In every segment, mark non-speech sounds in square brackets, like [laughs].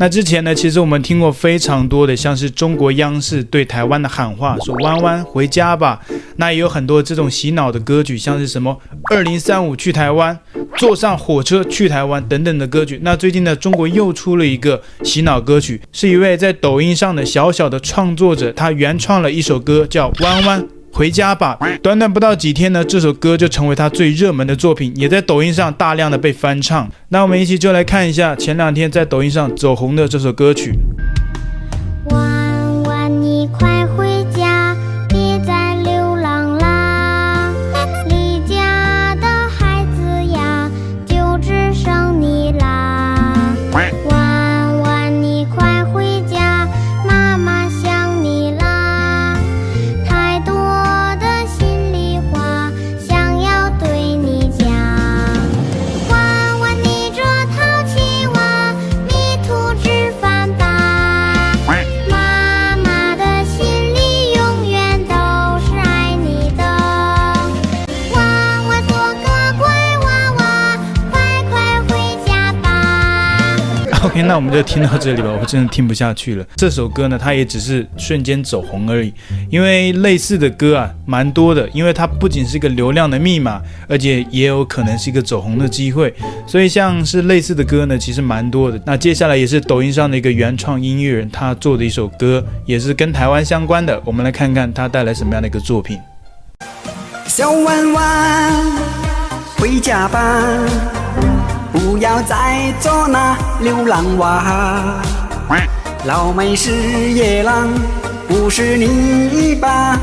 那之前呢，其實我們聽過非常多的，像是中國央視對台灣的喊話，說“灣灣回家吧”。那也有很多這種洗腦的歌曲，像是什麼 “2035 去台灣”，“坐上火車去台灣”等等的歌曲。那最近呢，中國又出了一個洗腦歌曲，是一位在抖音上的小小的創作者，他原創了一首歌，叫《灣灣》回家吧。短短不到幾天呢，這首歌就成為他最熱門的作品，也在抖音上大量的被翻唱。那我們一起就來看一下前兩天在抖音上走紅的這首歌曲。那我們就聽到這裡吧，我真的聽不下去了。這首歌呢，它也只是瞬間走紅而已，因為類似的歌啊蠻多的。因為它不僅是一個流量的密碼，而且也有可能是一個走紅的機會。所以像是類似的歌呢，其實蠻多的。那接下來也是抖音上的一個原創音樂人，他做的一首歌也是跟台灣相關的，我們來看看他帶來什麼樣的一個作品。小灣灣回家吧，不要再做那流浪娃，老美是野狼，不是你媽，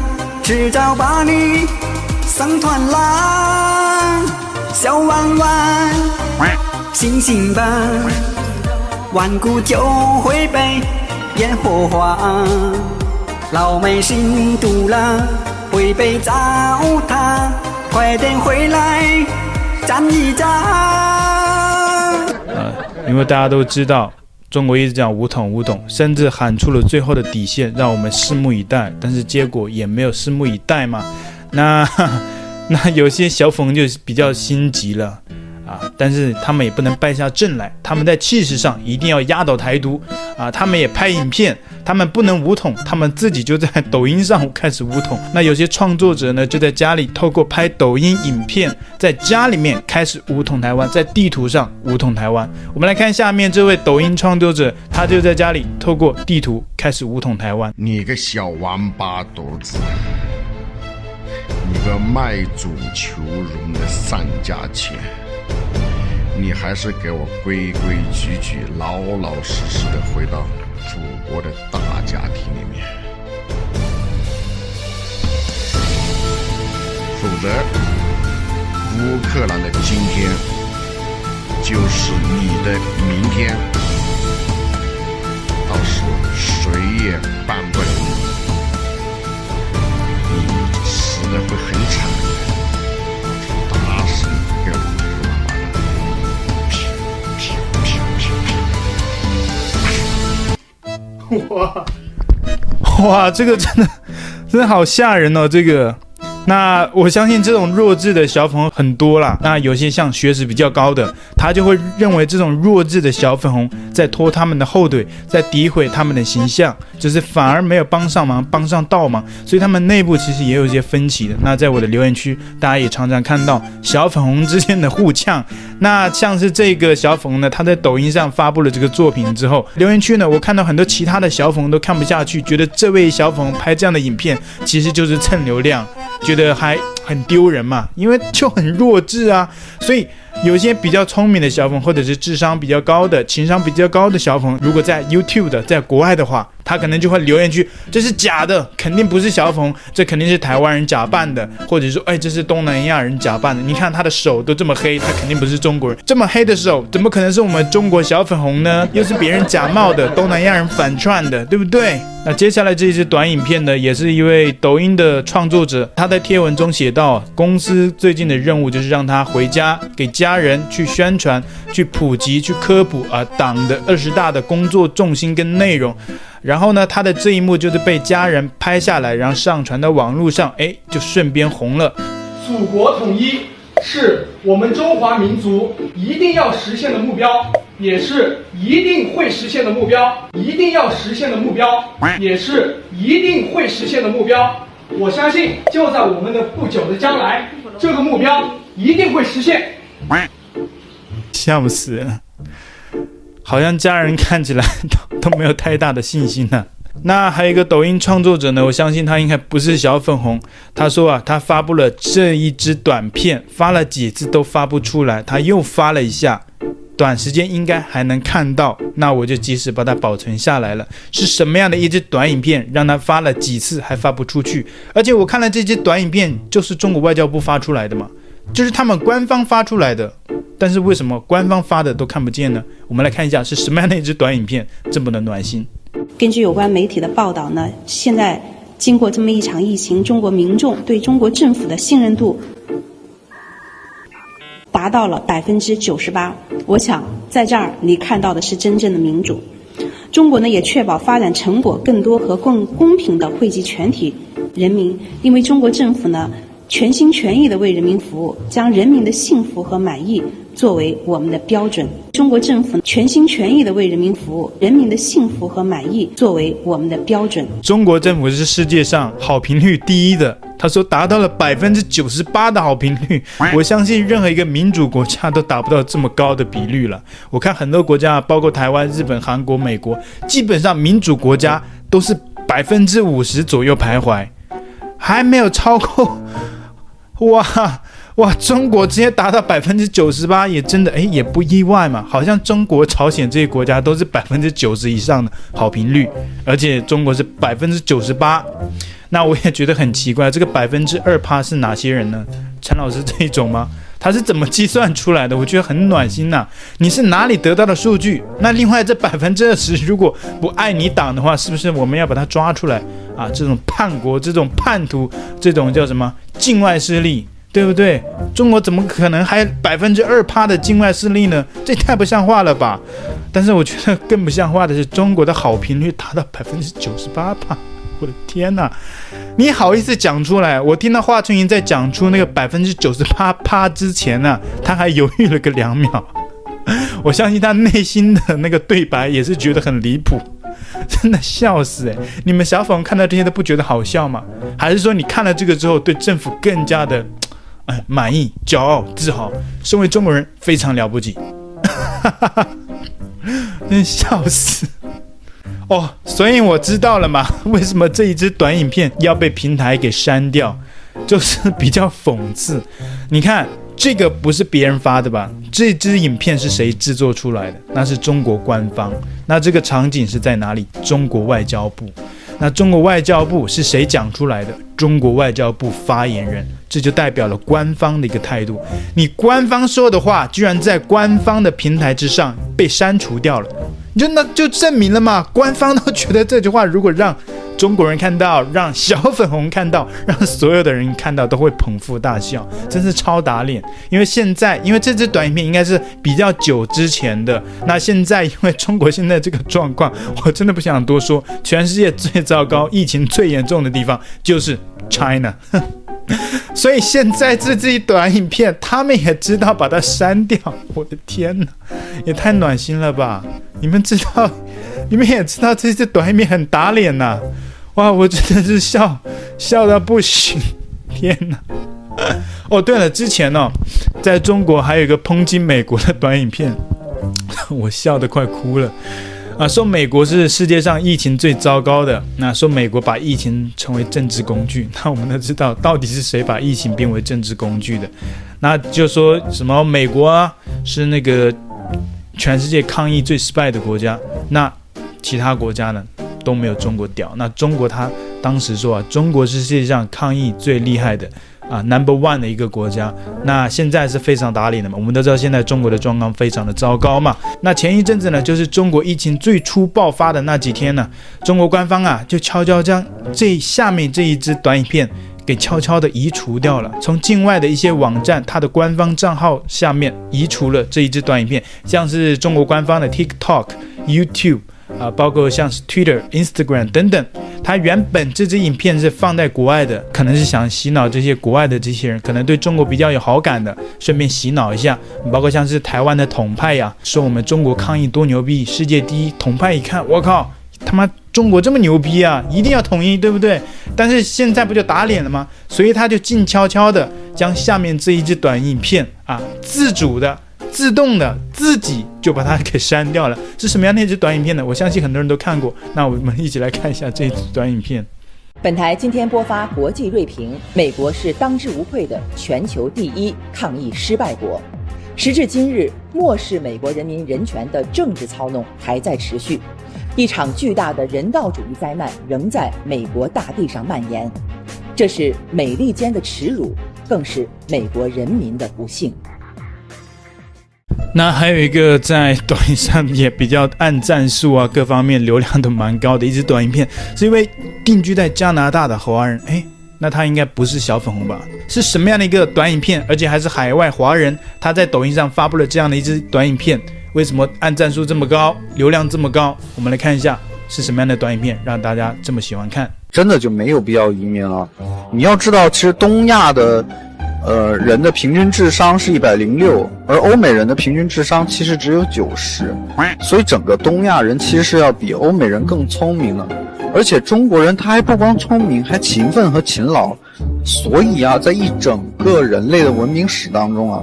遲早把你生吞啦。小灣灣，醒醒吧，頑固就會被煙火化。老美心毒了，會被糟蹋，快點回來站一站。因為大家都知道，中國一直講武統武統，甚至喊出了最後的底線，讓我們拭目以待。但是結果也沒有拭目以待嘛。那哈哈那有些小粉就比較心急了啊，但是他們也不能敗下陣來，他們在氣勢上一定要壓倒台獨啊。他們也拍影片。他們不能武統，他們自己就在抖音上開始武統。那有些創作者呢，就在家裡透過拍抖音影片，在家裡面開始武統台灣，在地圖上武統台灣。我們來看下面這位抖音創作者，他就在家裡透過地圖開始武統台灣。你個小王八犢子，你個賣主求榮的喪家犬！你還是給我規規矩矩，老老實實的回到祖國的大家庭裡面，否則烏克蘭的今天就是你的明天，到時誰也幫不了你，你死的會很慘。哇哇，這個真的真的好嚇人哦！這個，那我相信這種弱智的小粉紅很多啦。那有些像學識比較高的，他就會認為這種弱智的小粉紅在拖他們的後腿，在詆毀他們的形象，就是反而沒有幫上忙，幫上倒忙。所以他們內部其實也有一些分歧的。那在我的留言區，大家也常常看到小粉紅之間的互嗆。那像是這個小粉呢，他在抖音上發布了這個作品之後，留言區呢，我看到很多其他的小粉都看不下去，覺得這位小粉拍這樣的影片其實就是蹭流量，覺得還很丟人嘛，因為就很弱智啊。所以有些比較聰明的小粉，或者是智商比較高的、情商比較高的小粉，如果在 YouTube 的，在國外的話。他可能就會留言去，這是假的，肯定不是小粉紅，這肯定是台灣人假扮的，或者說，哎，這是東南亞人假扮的。你看他的手都這麼黑，他肯定不是中國人，這麼黑的手怎麼可能是我們中國小粉紅呢？又是別人假冒的，東南亞人反串的，對不對？ [laughs] 那接下來這一支短影片呢，也是一位抖音的創作者，他在貼文中寫到，公司最近的任務就是讓他回家給家人去宣傳、去普及、去科普啊黨的二十大的工作重心跟內容。然後呢，他的這一幕就是被家人拍下來，然後上傳到網絡上，哎，就順便紅了。祖國統一是我們中華民族一定要實現的目標，也是一定會實現的目標，一定要實現的目標，也是一定會實現的目標。我相信，就在我們的不久的將來，這個目標一定會實現。笑死了！好像家人看起來都都沒有太大的信心呢。那還有一個抖音創作者呢，我相信他應該不是小粉紅。他說啊，他發佈了這一支短片，發了幾次都發不出來，他又發了一下，短時間應該還能看到。那我就及時把它保存下來了。是什麼樣的一支短影片，讓他發了幾次還發不出去？而且我看了這支短影片，就是中國外交部發出來的嘛。就是他們官方發出來的，但是為什麼官方發的都看不見呢？我們來看一下是什麼樣的一支短影片這麼的暖心。根據有關媒體的報道呢，現在經過這麼一場疫情，中國民眾對中國政府的信任度達到了百分之九十八。我想在這兒你看到的是真正的民主。中國呢也確保發展成果更多和更公平地惠及全體人民，因為中國政府呢。全心全意的為人民服務，將人民的幸福和滿意作為我們的標準。中國政府全心全意的為人民服務，人民的幸福和滿意作為我們的標準。中國政府是世界上好評率第一的，他說達到了百分之九十八的好評率。我相信任何一個民主國家都達不到這麼高的比率了。我看很多國家，包括台灣、日本、韓國、美國，基本上民主國家都是百分之五十左右徘徊，還沒有超過。哇哇，中國直接達到百分之九十八，也真的誒，也不意外嘛。好像中國、朝鮮這些國家都是百分之九十以上的好評率，而且中國是百分之九十八，那我也覺得很奇怪，這個百分之二趴是哪些人呢？陳老師這一種嗎？他是怎麼計算出來的？我覺得很暖心吶，啊。你是哪裡得到的數據？那另外這百分之二十，如果不愛你黨的話，是不是我們要把他抓出來？啊，這種叛國、這種叛徒、這種叫什麼境外勢力，對不對？中國怎麼可能還百分之二趴的境外勢力呢？這太不像話了吧！但是我覺得更不像話的是，中國的好評率達到百分之九十八趴。我的天哪，你好意思講出來？我聽到華春瑩在講出那個百分之九十八趴之前呢，啊，他還猶豫了個兩秒。我相信他內心的那個對白也是覺得很離譜。真的笑死誒、欸，你們小粉看到這些都不覺得好笑嗎？還是說你看了這個之後對政府更加的，呃，滿意、驕傲、自豪？身為中國人非常了不起，哈哈！真笑死！哦，所以我知道了嘛，為什麼這一支短影片要被平台給刪掉，就是比較諷刺。你看。這個不是別人發的吧？這，這支影片是誰制作出來的？那是中國官方。那這個場景是在哪裡？中國外交部。那中國外交部是誰講出來的？中國外交部發言人，這就代表了官方的一個態度。你官方說的話，居然在官方的平台之上被刪除掉了，你就那就證明了嘛？官方都覺得這句話如果讓。中國人看到，讓小粉紅看到，讓所有的人看到都會捧腹大笑，真是超打臉。因為現在，因為這支短影片應該是比較久之前的。那現在，因為中國現在這個狀況，我真的不想多說。全世界最糟糕、疫情最嚴重的地方就是 China。 [laughs] 所以現在這這些短影片，他們也知道把它刪掉。我的天吶，也太暖心了吧！你們知道，你們也知道這些短影片很打臉吶、啊。哇，我真的是笑笑到不行，天吶，哦，對了，之前呢、哦，在中國還有一個抨擊美國的短影片，我笑得快哭了。啊，說美國是世界上疫情最糟糕的，那說美國把疫情稱為政治工具，那我們都知道到底是誰把疫情變為政治工具的，那就說什麼美國啊是那個全世界抗疫最失敗的國家，那其他國家呢都沒有中國屌，那中國它。當時說啊，中國是世界上抗疫最厲害的啊，Number One 的一個國家。那現在是非常打臉的嘛，我們都知道現在中國的狀況非常的糟糕嘛。那前一陣子呢，就是中國疫情最初爆發的那幾天呢，中國官方啊就悄悄將這下面這一支短影片給悄悄的移除掉了。從境外的一些網站，它的官方賬號下面移除了這一支短影片，像是中國官方的 TikTok、YouTube 啊，包括像是 Twitter、Instagram 等等。他原本這支影片是放在國外的，可能是想洗腦這些國外的這些人，可能對中國比較有好感的，順便洗腦一下。包括像是台灣的統派呀、啊，說我們中國抗疫多牛逼，世界第一。統派一看，我靠，他媽中國這麼牛逼啊，一定要統一，對不對？但是現在不就打臉了嗎？所以他就靜悄悄的將下面這一支短影片啊，自主的。自動的自己就把它給刪掉了，是什麼樣的一支短影片呢？我相信很多人都看過，那我們一起來看一下這支短影片。本台今天播發國際銳評：美國是當之無愧的全球第一抗疫失敗國。時至今日，漠視美國人民人權的政治操弄還在持續，一場巨大的人道主義災難仍在美國大地上蔓延。這是美利堅的恥辱，更是美國人民的不幸。那還有一個在抖音上也比較按讚數啊，各方面流量都蠻高的，一支短影片，是一位定居在加拿大的華人。誒，那他應該不是小粉紅吧？是什麼樣的一個短影片？而且還是海外華人，他在抖音上發布了這樣的一支短影片，為什麼按讚數這麼高，流量這麼高？我們來看一下是什麼樣的短影片讓大家這麼喜歡看？真的就沒有必要移民了、啊？你要知道，其實東亞的。呃，人的平均智商是一百零六，而歐美人的平均智商其實只有九十，所以整個東亞人其實是要比歐美人更聰明的，而且中國人他還不光聰明，還勤奮和勤勞，所以啊，在一整個人類的文明史當中啊。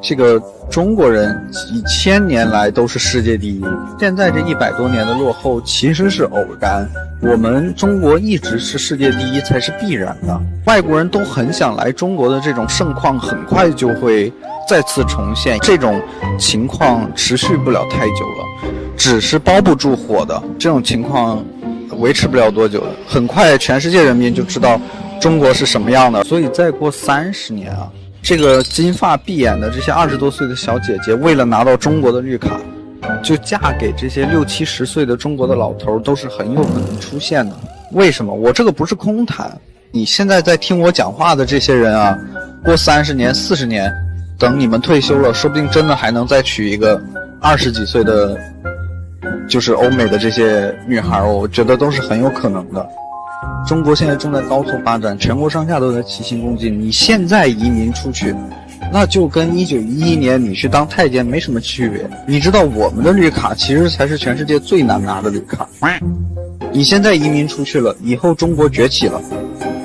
這個中國人幾千年來都是世界第一，現在這一百多年的落後其實是偶然，我們中國一直是世界第一才是必然的。外國人都很想來中國的這種盛況，很快就會再次重現。這種情況持續不了太久了，紙是包不住火的，這種情況維持不了多久的。很快全世界人民就知道中國是什麼樣的，所以再過三十年啊。這個金髮碧眼的這些二十多歲的小姐姐，為了拿到中國的綠卡，就嫁給這些六七十歲的中國的老頭，都是很有可能出現的。為什麼？我這個不是空談。你現在在聽我講話的這些人啊，過三十年、四十年，等你們退休了，說不定真的還能再娶一個二十幾歲的，就是歐美的這些女孩兒哦，我覺得都是很有可能的。中國現在正在高速發展，全國上下都在齊心共進。你現在移民出去，那就跟一九一一年你去當太監沒什麼區別。你知道我們的綠卡其實才是全世界最難拿的綠卡。你現在移民出去了，以後中國崛起了，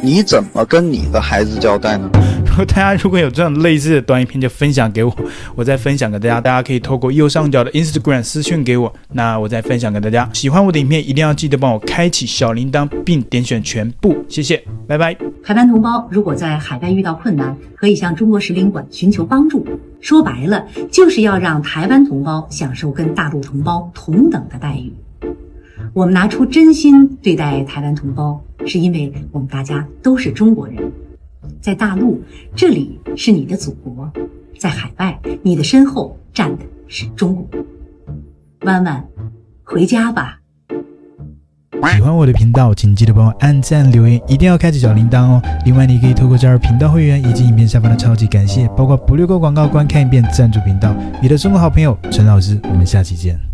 你怎麼跟你的孩子交代呢？大家如果有這樣類似的短影片，就分享給我，我再分享給大家。大家可以透過右上角的 Instagram 私訊給我，那我再分享給大家。喜歡我的影片，一定要記得幫我開啟小鈴鐺並點選全部，謝謝，拜拜。台灣同胞如果在海外遇到困難，可以向中國使領館尋求幫助。說白了，就是要讓台灣同胞享受跟大陸同胞同等的待遇。我們拿出真心對待台灣同胞，是因為我們大家都是中國人。在大陸，這裡是你的祖國；在海外，你的身後站的是中國。灣灣，回家吧。喜歡我的頻道，請記得幫我按讚、留言，一定要開啟小鈴鐺哦。另外，你可以透過加入頻道會員以及影片下方的超級感謝，包括不略過廣告、觀看一遍贊助頻道。你的中國好朋友陳老師，我們下期見。